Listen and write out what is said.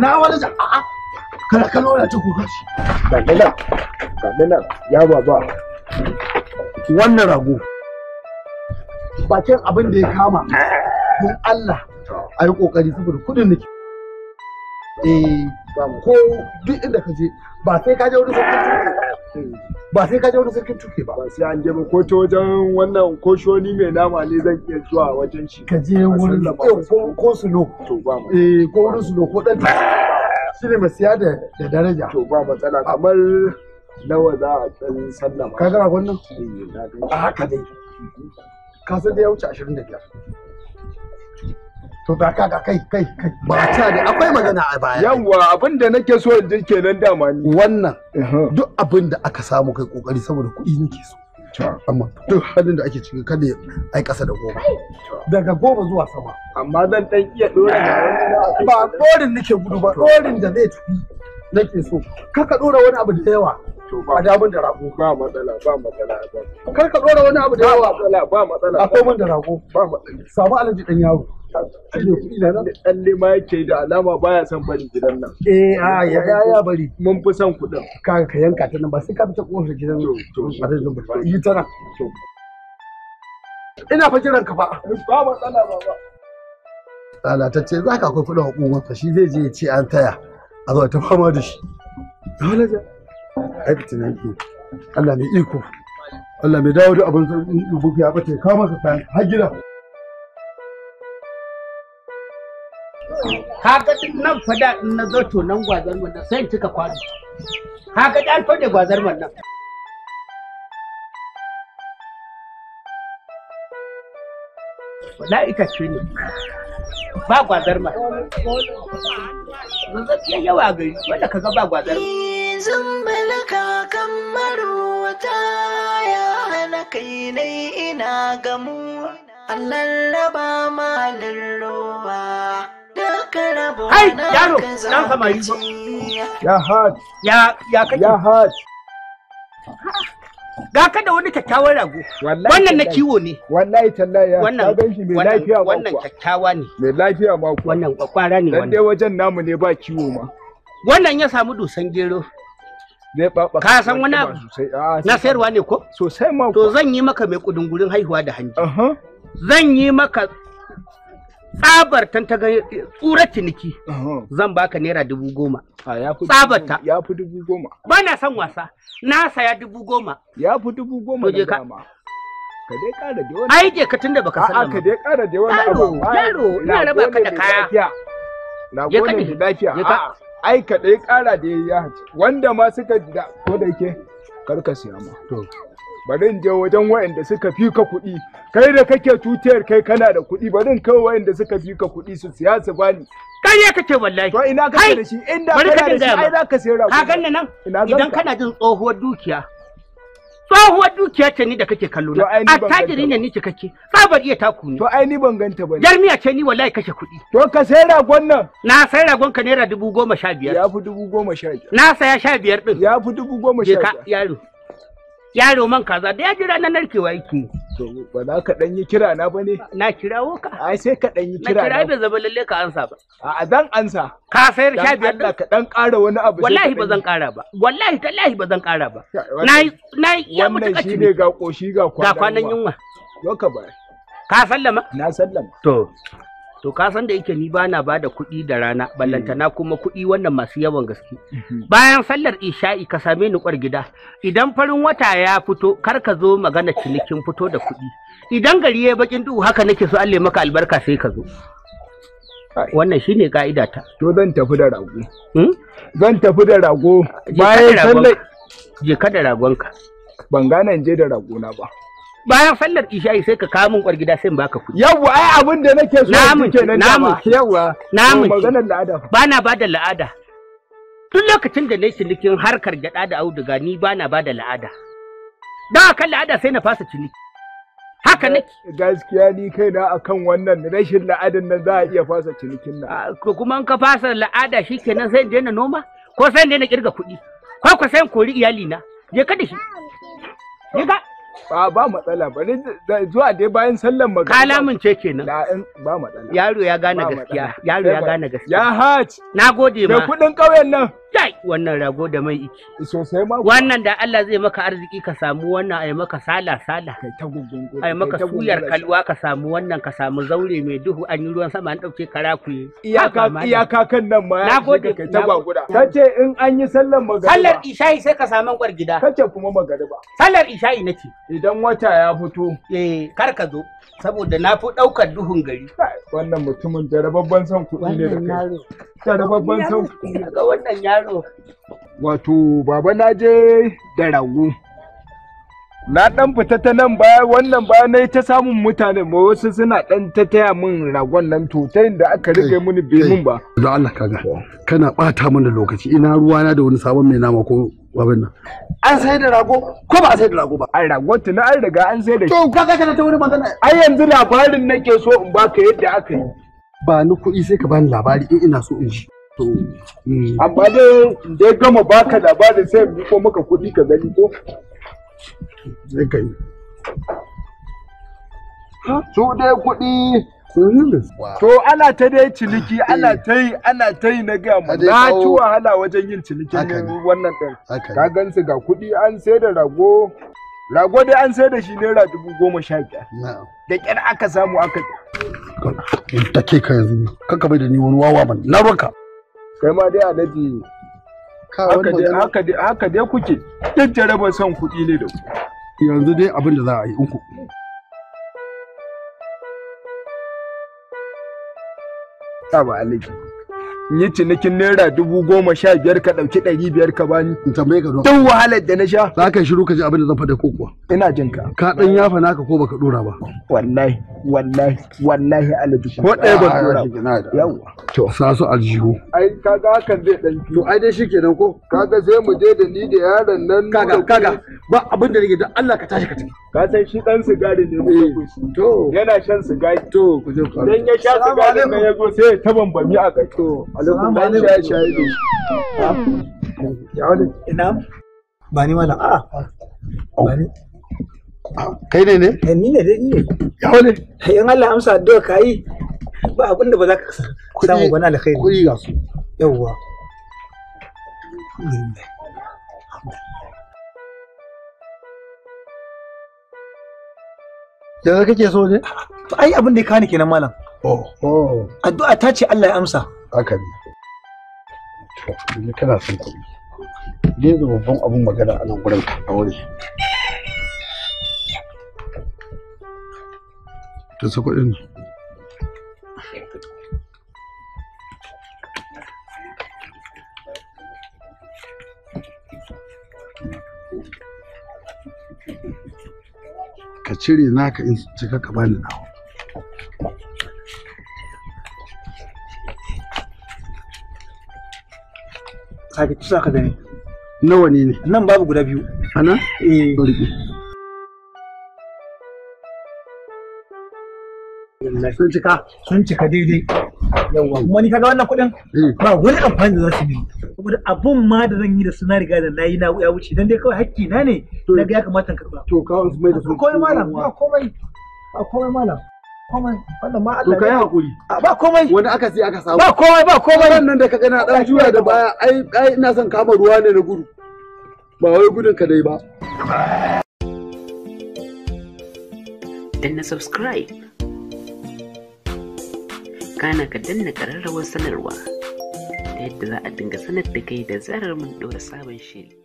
na wani da a'a karkano wani ta kuka shi ga nan ga nan ya baba wannan rago bakin abin da ya kama don Allah a yi ƙoƙari saboda kudin nake eh ko duk inda ka je ba sai ka je wani sabon ba sai ka je wani sarkin tuke ba ba sai an je ko ta wajen wannan ko shoni mai nama ne zan iya zuwa wajen shi ka je wurin ko ko sulo to ba eh ko su sulo ko dan shi ne mai siya da daraja to ba matsala kamar nawa za a dan sallama ka ga wannan eh, a haka dai ka san da ya wuce 25 to da ka kai kai kai ba ta da akwai magana a baya yawa abin da nake so in nan kenan dama ni wannan duk abin da aka samu kai kokari saboda kuɗi nake so amma duk halin da ake ciki kada ai kasa da goma daga goma zuwa sama amma zan dan iya dora ba dorin nake gudu ba dorin da zai tafi nake so kaka dora wani abu da yawa a damun da rago ba matsala ba matsala kar ka dora wani abu da yawa ba matsala ba matsala akwai mun da rago ba matsala samu alaji dan yaro Tsalle ma yake da alama baya son bari gidan nan. Eh a ya ya bari. Mun fi son kuɗin. Kan ka yanka ta nan ba sai ka fita kofar gidan nan. To ba zai zumba. Yi ta nan. Ina fa jiran ka fa. Ba matsala baba. Lalatacce za ka akwai kuɗin hukumarsa shi zai je ya ce an taya a zo ta fama da shi. Dole ja. Ai fitinan ke. Allah mai iko. Allah mai dawo da abin ya bace kama ka kayan har gida. kaga duk nan fada in na zo to nan gwazar wannan sai in cika kwano kaga dan fade gwazar wannan wala ita ce ne ba gwazar ma zan ya yawa gari wanda ka ga ba gwazar ma zumbalaka kamar wata ya hana kai ne ina gamu Allah raba malin roba Ai, yaro, nan samari ba. Ya hajj. Ya, ya kake. Ya hajj. Ga ka da wani kyakkyawan rago. Wannan na kiwo ne. Wallahi tallahi ya wannan ka shi mai lafiya ba Wannan kyakkyawa ne. Mai lafiya ba ku. Wannan kwakwara ne wannan. Dan dai wajen namu ne ba kiwo ma. Wannan ya samu dusan gero. Ne Ka san wani abu? Ah, na sayarwa ne ko? Sosai ma. To zan yi maka mai kudin gurin haihuwa da hanji. Zan yi maka tsabar tan ta gani tsurar ciniki zan baka naira dubu goma tsabar ya fi dubu goma ba na san wasa na saya dubu goma ya fi dubu goma da dama ka dai kara da wani ai je ka tunda baka san a'a ka dai kara da wani abu yaro ina raba ka da kaya na gode da lafiya a'a ai ka dai kara da ya wanda ma suka da ko da yake karka siya ma to barin je wajen waɗanda suka fi ka kuɗi kai da kake tutiyar kai kana da kuɗi barin in kai waɗanda suka fi ka kuɗi su siya su bani ya kake wallahi to ina kake da shi inda kana da shi ai za ka sayar ka ganna nan idan kana jin tsohuwar dukiya tsohuwar dukiya ce ni da kake kallo na tajiri ne ni cikakke sabar iya taku ne to ai ni ban ganta bane jarmiya ce ni wallahi kashe kuɗi to ka sai ragon nan na sai ragon ka naira dubu goma sha biyar ya fi dubu goma sha biyar na saya sha biyar din ya fi dubu goma sha biyar yaro yaro man kaza da ya jira na narkewa yake to ba za ka dan yi kira na ba ne na kirawo ka ai sai ka dan yi kira na kira bai zaba lalle ka ansa ba a dan ansa ka sayar sha biyar da ka dan kara wani abu wallahi ba zan ƙara ba wallahi tallahi ba zan ƙara ba na na ya mutu kaci ne ga koshi ga kwanan yunwa ga ka ba ka sallama na sallama to to ka san da yake ni bana ba da kuɗi da rana ballantana mm. kuma kuɗi wannan masu yawan gaske mm-hmm. bayan sallar isha'i ka same ni kwar gida idan farin wata ya fito kar ka zo magana cinikin fito da kuɗi idan gari ya bakin duhu haka nake so Allah maka albarka sai ka zo wannan shine ka'ida ta to zan tafi da rago hmm? zan tafi da rago bayan sallar je ka da ragonka ban gane je da ragona ba bayan sallar isha'i sai ka kawo min kwargida sai in baka kuɗi yawwa ai abin da nake so namun kenan namun yawwa namun maganar la'ada bana bada la'ada duk lokacin da nayi cinikin harkar gyaɗa da auduga ni ba ba bada la'ada dan akan la'ada sai na fasa ciniki haka nake gaskiya ni kaina akan wannan rashin la'adin nan za a iya fasa cinikin nan ah, kuma in ka fasa la'ada shikenan sai in daina noma ko sai in daina kirga kuɗi ko ko sai in kori iyali na je ka da shi je ka ba ba matsala bari zuwa dai bayan sallan magana ka lamince kenan ba matsala yaro ya gane gaskiya yaro ya gane gaskiya ya nagode ma da kudin kauyen nan kai wannan rago da mai iki sosai ma wannan da Allah zai maka arziki ka samu wannan ai maka sala sala kai ta ai maka suyar kalwa ka samu wannan ka samu zaure mai duhu an yi ruwan sama an dauke karakuye iyaka iyaka kan nan ma ya gode kai ta gwagura kace in an yi sallar magariba sallar isha'i sai ka samu kwar gida kace kuma magariba sallar isha'i nake idan wata ya fito eh kar ka zo saboda na fi daukar duhun gari wannan mutumin jarababban son san kuɗi ne da kai jarababban son san kuɗi ga wannan yaro yaro? Wato, baba na je da rago. Na ɗan fita ta nan baya wannan ba na ta samun mutane ma wasu suna ɗan ta taya min ragon nan to ta da aka rage mini bai mun ba. Da Allah kaga kana ɓata mana lokaci ina ruwa na da wani sabon mai nama ko abin nan. An sai da rago ko ba a sai da rago ba. An rago tuna an riga an sai da shi. To kaga kana ta wani magana. Ai yanzu labarin nake so in baka yadda aka yi. Ba ni kuɗi sai ka bani labari in eh, ina so in ji. Mm. amma dai da ya gama baka labarin sai mu ko maka kuɗi ka gani ko zai kai su dai kuɗi To ana ta dai ciniki eh. ana ta yi ana ta yi na gaya mu na ci wahala wajen yin cinikin wannan ɗin. Ka gansu ga kuɗi an sai da rago rago dai an sai da shi naira dubu goma sha biyar. Da ƙyar aka samu aka. In ke ka yanzu kaka bai da ni wani wawa ban na ruka. kai ma dai alhaji haka dai haka dai kuke 'yan jarabar son kuɗi ne da ku yanzu dai abin da za a yi uku. ku ta ba alhaji yi cinikin naira dubu goma sha biyar ka ɗauki ɗari biyar ka bani. in tambaye ka don. duk wahalar da na sha. za ka shiru ka ji abin da zan faɗa ko kuwa. ina jin ka. ka ɗan yafa naka ko baka ɗora ba. wallahi wallahi wallahi alhaji. ko ɗaya ba ɗora ba. Ah, yawwa. to sa su aljihu. ai kaga hakan zai ɗan. to ai dai shikenan ko. kaga sai mu je da ni da yaron nan. kaga kaga ba abin da nake da Allah ka tashi ka tafi. ka san shi ɗan sigari ne mu eh, to yana shan sigari to ku je ku. idan ya sha sigari ne ya go sai ta bambami a kai to alaikum ba ni da shayi ya wani ina ba ni wala a ah. ba ni kai ne ne eh ni ne dai ne ya wani eh, in Allah amsa addu'a yi. ba abin da ba za ka samu wani alkhairi kuɗi ga su yawwa Yanzu kake so ne? Ai abin da ya kani kenan malam. Oh. Addu'a ta ce Allah ya amsa. haka ne to yanzu kana son kuɗi ne da babban abin magana a nan gurin a wuri ta su kuɗin ka cire naka in cika ka bani nawa sake tusa ka gani nawa ne ne nan babu guda biyu ana eh sun cika sun cika daidai yawa kuma ni kaga wannan kuɗin eh. ba wani amfani da za su yi saboda abun ma da zan yi da suna riga da na yi na ya wuce dan dai kawai hakki na ne na ga ya kamata karba to kawai su mai da su komai malam ba komai ba komai malam komai wannan ma Allah hakuri ba komai wani aka sai aka samu ba komai ba komai wannan da ka ga na dan juya da baya ai ai ina son kama ruwa ne na gudu ba wai gudun ka dai ba danna subscribe kana ka danna kararrawar sanarwa ta yadda za a dinga sanar da kai da zarar mun ɗora sabon shiri